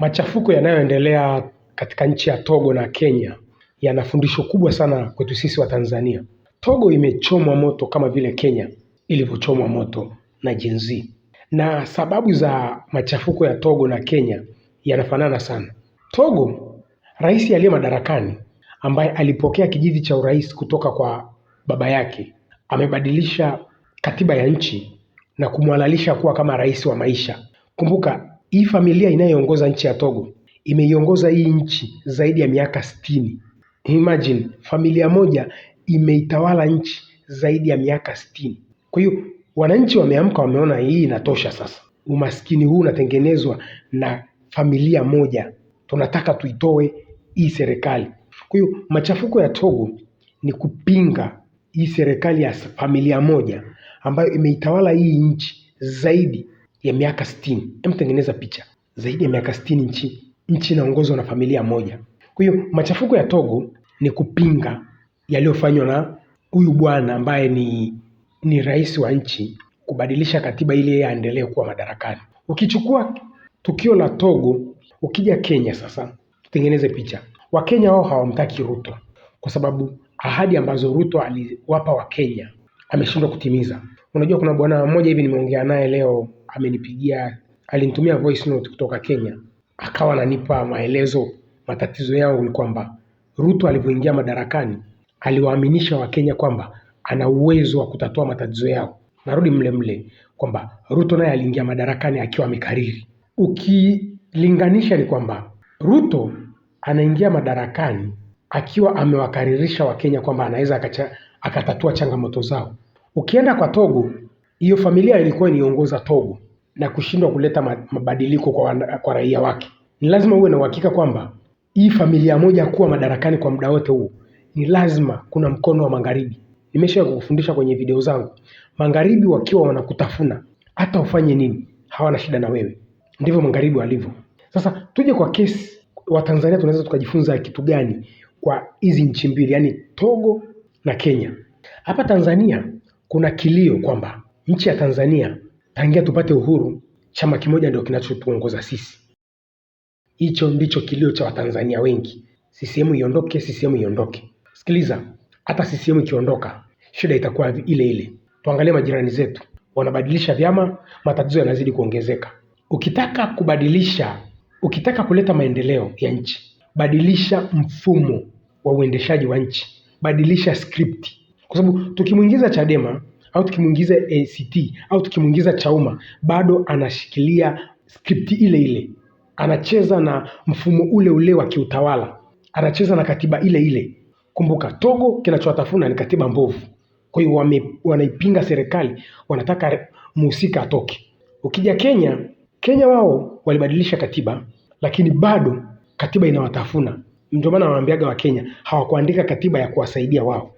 Machafuko yanayoendelea katika nchi ya Togo na Kenya yana fundisho kubwa sana kwetu sisi wa Tanzania. Togo imechomwa moto kama vile Kenya ilivyochomwa moto na Gen Z, na sababu za machafuko ya Togo na Kenya yanafanana sana. Togo, rais aliye madarakani ambaye alipokea kijiti cha urais kutoka kwa baba yake amebadilisha katiba ya nchi na kumwalalisha kuwa kama rais wa maisha. Kumbuka hii familia inayoongoza nchi ya Togo imeiongoza hii nchi zaidi ya miaka sitini. Imagine familia moja imeitawala nchi zaidi ya miaka sitini. Kwa hiyo wananchi wameamka, wameona hii inatosha sasa. Umaskini huu unatengenezwa na familia moja, tunataka tuitoe hii serikali. Kwa hiyo machafuko ya Togo ni kupinga hii serikali ya familia moja ambayo imeitawala hii nchi zaidi ya miaka sitini. Hem, tengeneza picha zaidi ya miaka sitini nchi nchi inaongozwa na familia moja. Kwa hiyo machafuko ya Togo ni kupinga yaliyofanywa na huyu bwana ambaye ni ni rais wa nchi kubadilisha katiba ili aendelee kuwa madarakani. Ukichukua tukio la Togo ukija Kenya sasa, tutengeneze picha. Wakenya wao hawamtaki Ruto kwa sababu ahadi ambazo Ruto aliwapa Wakenya ameshindwa kutimiza. Unajua, kuna bwana mmoja hivi nimeongea naye leo amenipigia, alinitumia voice note kutoka Kenya, akawa ananipa maelezo. Matatizo yao ni kwamba Ruto alivyoingia madarakani aliwaaminisha Wakenya kwamba ana uwezo wa kutatua matatizo yao. Narudi mle mle kwamba Ruto naye aliingia madarakani akiwa amekariri. Ukilinganisha ni kwamba Ruto anaingia madarakani akiwa amewakaririsha Wakenya kwamba anaweza akatatua changamoto zao. Ukienda kwa Togo hiyo familia ilikuwa inaongoza Togo na kushindwa kuleta mabadiliko kwa, kwa raia wake. Ni lazima uwe na uhakika kwamba hii familia moja kuwa madarakani kwa muda wote huu ni lazima kuna mkono wa magharibi. Nimesha kukufundisha kwenye video zangu, magharibi wakiwa wanakutafuna hata ufanye nini hawana shida na wewe, ndivyo magharibi walivyo. Sasa tuje kwa kesi, Watanzania tunaweza tukajifunza kitu gani kwa hizi nchi mbili, yaani Togo na Kenya? Hapa Tanzania kuna kilio kwamba Nchi ya Tanzania tangia tupate uhuru, chama kimoja ndio kinachotuongoza sisi. Hicho ndicho kilio cha Watanzania wengi, CCM iondoke, CCM iondoke. Sikiliza, hata CCM ikiondoka, shida itakuwa ile ile. Tuangalie majirani zetu, wanabadilisha vyama, matatizo yanazidi kuongezeka. Ukitaka kubadilisha, ukitaka kuleta maendeleo ya nchi, badilisha mfumo wa uendeshaji wa nchi, badilisha script, kwa sababu tukimwingiza Chadema au tukimuingiza ACT au tukimuingiza Chauma bado anashikilia script ile ile, anacheza na mfumo ule ule wa kiutawala, anacheza na katiba ile ile. Kumbuka Togo kinachowatafuna ni katiba mbovu, kwa hiyo wanaipinga serikali, wanataka mhusika atoke. Ukija Kenya, Kenya wao walibadilisha katiba, lakini bado katiba inawatafuna. Ndio maana wa kenya hawakuandika katiba ya kuwasaidia wao.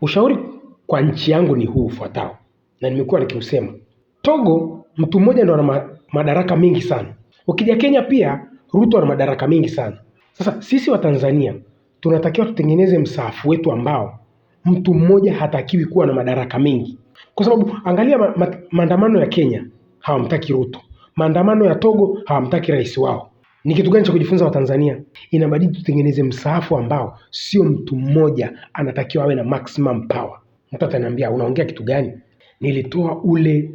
Ushauri kwa nchi yangu ni huu ufuatao, na nimekuwa nikiusema. Togo mtu mmoja ndo ana madaraka mengi sana. Ukija Kenya pia Ruto ana madaraka mengi sana. Sasa sisi wa Tanzania tunatakiwa tutengeneze msaafu wetu ambao mtu mmoja hatakiwi kuwa na madaraka mengi, kwa sababu angalia ma ma maandamano ya Kenya hawamtaki Ruto, maandamano ya Togo hawamtaki rais wao. Ni kitu gani cha kujifunza Tanzania? Inabidi tutengeneze msaafu ambao sio mtu mmoja anatakiwa awe na maximum power mtu ataniambia unaongea kitu gani? Nilitoa ule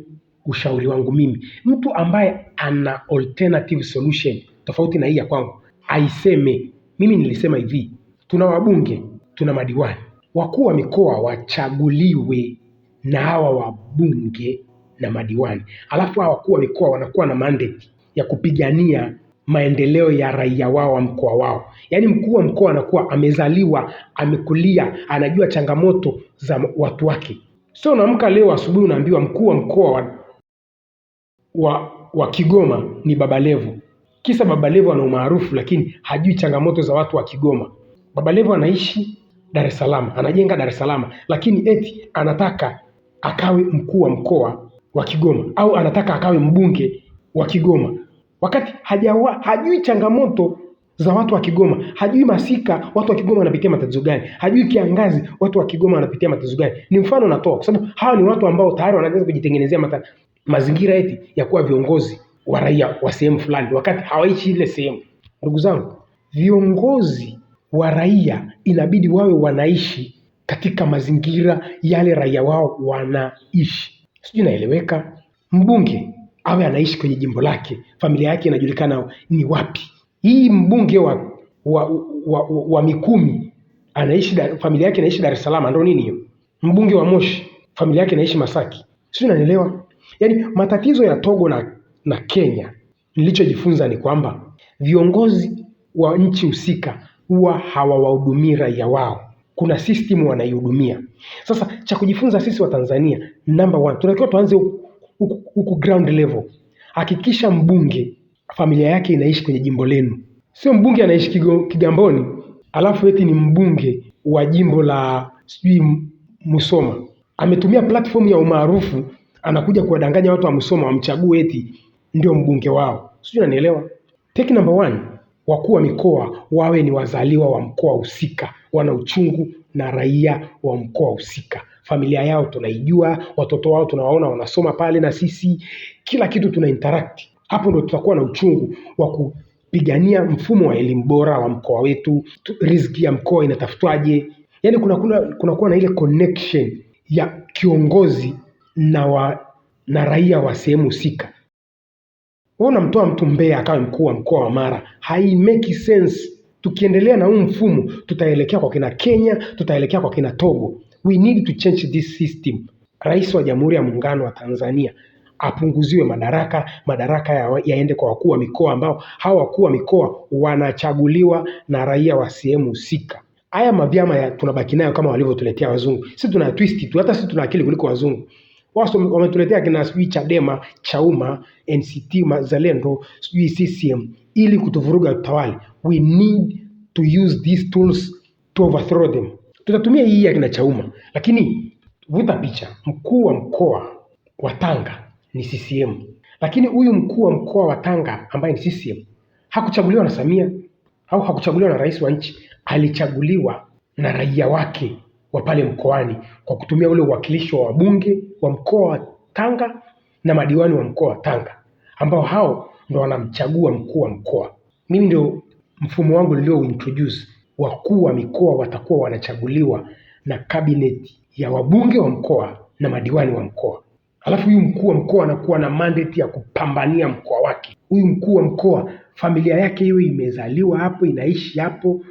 ushauri wangu mimi. Mtu ambaye ana alternative solution tofauti na hii ya kwangu aiseme. Mimi nilisema hivi, tuna wabunge, tuna madiwani, wakuu wa mikoa wachaguliwe na hawa wabunge na madiwani, alafu hawa wakuu wa mikoa wanakuwa na mandate ya kupigania maendeleo ya raia wao wa mkoa wao. Yaani mkuu wa mkoa anakuwa amezaliwa, amekulia, anajua changamoto za watu wake. Sio unaamka leo asubuhi unaambiwa mkuu wa mkoa wa, wa, wa Kigoma ni Baba levu Kisa Baba Levo ana umaarufu lakini hajui changamoto za watu wa Kigoma. Baba anaishi Dar es Salaam, anajenga Dar es Salaam, lakini eti anataka akawe mkuu wa mkoa wa Kigoma au anataka akawe mbunge wa Kigoma wakati hajawa, hajui changamoto za watu wa Kigoma, hajui masika watu wa Kigoma wanapitia matatizo gani, hajui kiangazi watu wa Kigoma wanapitia matatizo gani. Ni mfano natoa kwa sababu hawa ni watu ambao tayari wanaanza kujitengenezea mata, mazingira eti ya kuwa viongozi wa raia wa sehemu fulani, wakati hawaishi ile sehemu. Ndugu zangu, viongozi wa raia inabidi wawe wanaishi katika mazingira yale raia wao wanaishi. Sijui naeleweka? Mbunge awe anaishi kwenye jimbo lake, familia yake inajulikana ni wapi. Hii mbunge wa, wa, wa, wa, wa Mikumi anaishi familia yake inaishi Dar es Salaam, ndio nini hiyo? Mbunge wa Moshi familia yake inaishi Masaki, sio? Unanielewa? Yaani matatizo ya Togo na, na Kenya, nilichojifunza ni kwamba viongozi wa nchi husika huwa hawawahudumii raia wao kuna system wanaihudumia. Sasa cha kujifunza sisi wa Tanzania, number one, tunatakiwa tuanze huku ground level. Hakikisha mbunge familia yake inaishi kwenye jimbo lenu, sio mbunge anaishi Kigamboni alafu eti ni mbunge wa jimbo la sijui Musoma, ametumia platform ya umaarufu, anakuja kuwadanganya watu wa Musoma wamchague eti ndio mbunge wao, sijui unanielewa. Take number one, wakuu wa mikoa wawe ni wazaliwa wa mkoa husika, wana uchungu na raia wa mkoa husika familia yao tunaijua, watoto wao tunawaona wanasoma pale na sisi, kila kitu tuna interact. Hapo ndo tutakuwa na uchungu wa kupigania mfumo wa elimu bora wa mkoa wetu, riziki ya mkoa inatafutwaje. yani kunakuwa kuna, kuna na ile connection ya kiongozi na, wa, na raia wa sehemu husika. Unamtoa mtu Mbeya akawe mkuu wa mkoa wa Mara, hai make sense. Tukiendelea na huu mfumo tutaelekea kwa kina Kenya, tutaelekea kwa kina Togo we need to change this system. Rais wa Jamhuri ya Muungano wa Tanzania apunguziwe madaraka, madaraka ya, yaende kwa wakuu wa mikoa ambao hawa wakuu wa mikoa wanachaguliwa na raia wa sehemu husika. Haya mavyama tunabaki nayo kama walivyotuletea wazungu, si tuna twist tu, hata si tuna akili kuliko wazungu. Wao wametuletea kina sijui Chadema, Chauma, NCT Mazalendo, sijui CCM ili kutuvuruga utawala. We need to use these tools to overthrow them. Tutatumia hii ya kina Chauma, lakini vuta picha, mkuu wa mkoa wa Tanga ni CCM, lakini huyu mkuu wa mkoa wa Tanga ambaye ni CCM hakuchaguliwa na Samia au hakuchaguliwa na rais wa nchi, alichaguliwa na raia wake wa pale mkoani kwa kutumia ule uwakilisho wa wabunge wa mkoa wa Tanga na madiwani wa mkoa wa Tanga ambao hao ndo wanamchagua mkuu wa mkoa. Mimi ndio mfumo wangu nilio introduce wakuu wa mikoa watakuwa wanachaguliwa na kabineti ya wabunge wa mkoa na madiwani wa mkoa. Alafu huyu mkuu wa mkoa anakuwa na mandate ya kupambania mkoa wake. Huyu mkuu wa mkoa familia yake hiyo imezaliwa hapo, inaishi hapo,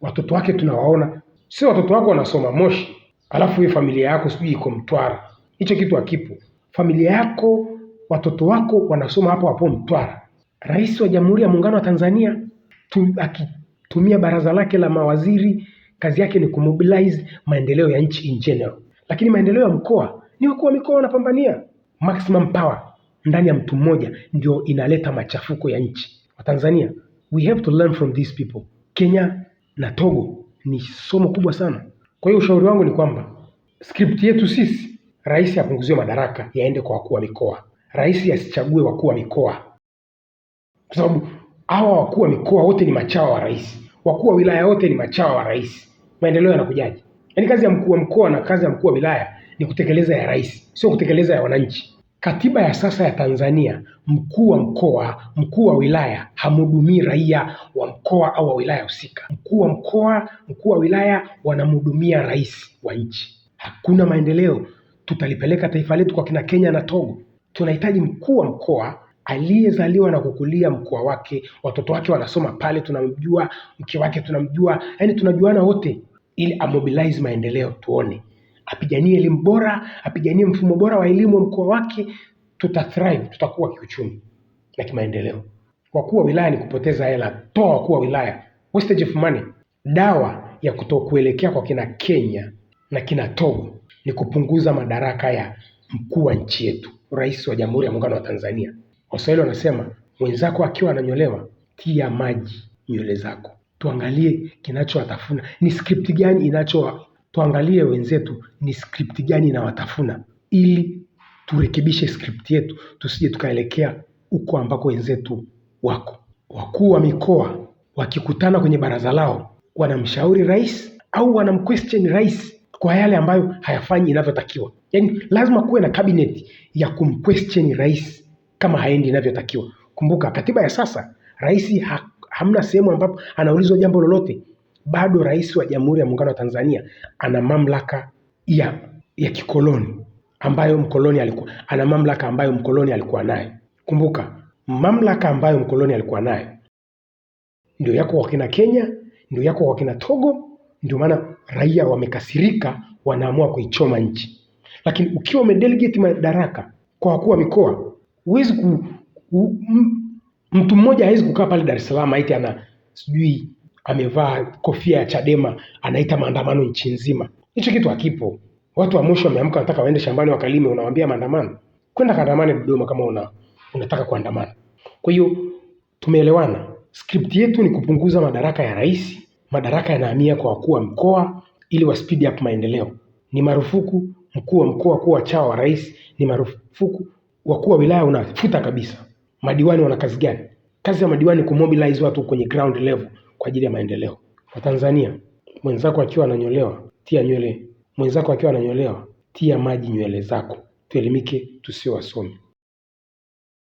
watoto wake tunawaona. Sio watoto wako wanasoma Moshi alafu hiyo familia yako sijui iko Mtwara. Hicho kitu hakipo. Familia yako watoto wako wanasoma hapo hapo Mtwara. Rais wa Jamhuri ya Muungano wa Tanzania tu, aki, tumia baraza lake la mawaziri, kazi yake ni kumobilize maendeleo ya nchi in general. Lakini maendeleo ya mkoa ni wakuu wa mikoa wanapambania. Maximum power ndani ya mtu mmoja ndio inaleta machafuko ya nchi. Watanzania, we have to learn from these people. Kenya na Togo ni somo kubwa sana. Kwa hiyo ushauri wangu ni kwamba script yetu sisi, rais apunguziwe madaraka yaende kwa wakuu wa mikoa, rais asichague wakuu wa mikoa kwa sababu hawa wakuu wa mikoa wote ni machawa wa rais, wakuu wa wilaya wote ni machawa wa rais, maendeleo yanakujaje? Yaani kazi ya mkuu wa mkoa na kazi ya mkuu wa wilaya ni kutekeleza ya rais, sio kutekeleza ya wananchi. Katiba ya sasa ya Tanzania, mkuu wa mkoa, mkuu wa wilaya hamhudumii raia wa mkoa au wa wilaya husika. Mkuu wa mkoa, mkuu wa wilaya wanamhudumia rais wa nchi. Hakuna maendeleo, tutalipeleka taifa letu kwa kina Kenya na Togo. Tunahitaji mkuu wa mkoa aliyezaliwa na kukulia mkoa wake, watoto wake wanasoma pale, tunamjua mke wake tunamjua, yani tunajuana wote, ili amobilize maendeleo, tuone apiganie elimu bora, apiganie mfumo bora wa elimu wa mkoa wake, tuta thrive, tutakuwa kiuchumi na kimaendeleo. Wakuu wa wilaya ni kupoteza hela, toa wakuu wa wilaya, wastage of money. Dawa ya kutokuelekea kwa kina Kenya na kina Togo ni kupunguza madaraka ya mkuu wa nchi yetu, rais wa Jamhuri ya Muungano wa Tanzania. Waswahili wanasema mwenzako akiwa ananyolewa, tia maji nywele zako. Tuangalie kinachowatafuna ni skripti gani inacho, tuangalie wenzetu ni skripti gani inawatafuna, ili turekebishe skripti yetu, tusije tukaelekea huko ambako wenzetu wako. Wakuu wa mikoa wakikutana kwenye baraza lao, wanamshauri rais au wanamquestion rais kwa yale ambayo hayafanyi inavyotakiwa. Yaani lazima kuwe na kabineti ya kumquestion rais kama haendi inavyotakiwa. Kumbuka katiba ya sasa, rais ha, hamna sehemu ambapo anaulizwa jambo lolote. Bado rais wa Jamhuri ya Muungano wa Tanzania ana mamlaka ya, ya kikoloni ambayo mkoloni alikuwa ana mamlaka ambayo mkoloni alikuwa nayo. Kumbuka mamlaka ambayo mkoloni alikuwa nayo ndio yako kwa kina Kenya, ndio yako kwa kina Togo. Ndio maana raia wamekasirika, wanaamua kuichoma nchi. Lakini ukiwa umedelegate madaraka kwa wakuu wa mikoa, huwezi ku, ku mtu mmoja hawezi kukaa pale Dar es Salaam aite ana sijui amevaa kofia ya Chadema anaita maandamano nchi nzima. Hicho kitu hakipo. Watu wa mwisho wameamka wanataka waende shambani wakalime, unawaambia maandamano. Kwenda kaandamane Dodoma kama una, unataka kuandamana. Kwa hiyo tumeelewana. Script yetu ni kupunguza madaraka ya rais, madaraka yanahamia kwa wakuu wa mkoa ili wa speed up maendeleo. Ni marufuku mkuu wa mkoa kuwa chawa wa rais, ni marufuku wakuu wa wilaya unafuta kabisa. Madiwani wana kazi gani? Kazi ya madiwani kumobilize watu kwenye ground level kwa ajili ya maendeleo. Watanzania, mwenzako akiwa ananyolewa tia nywele, mwenzako akiwa ananyolewa tia maji nywele zako. Tuelimike, tusio wasomi.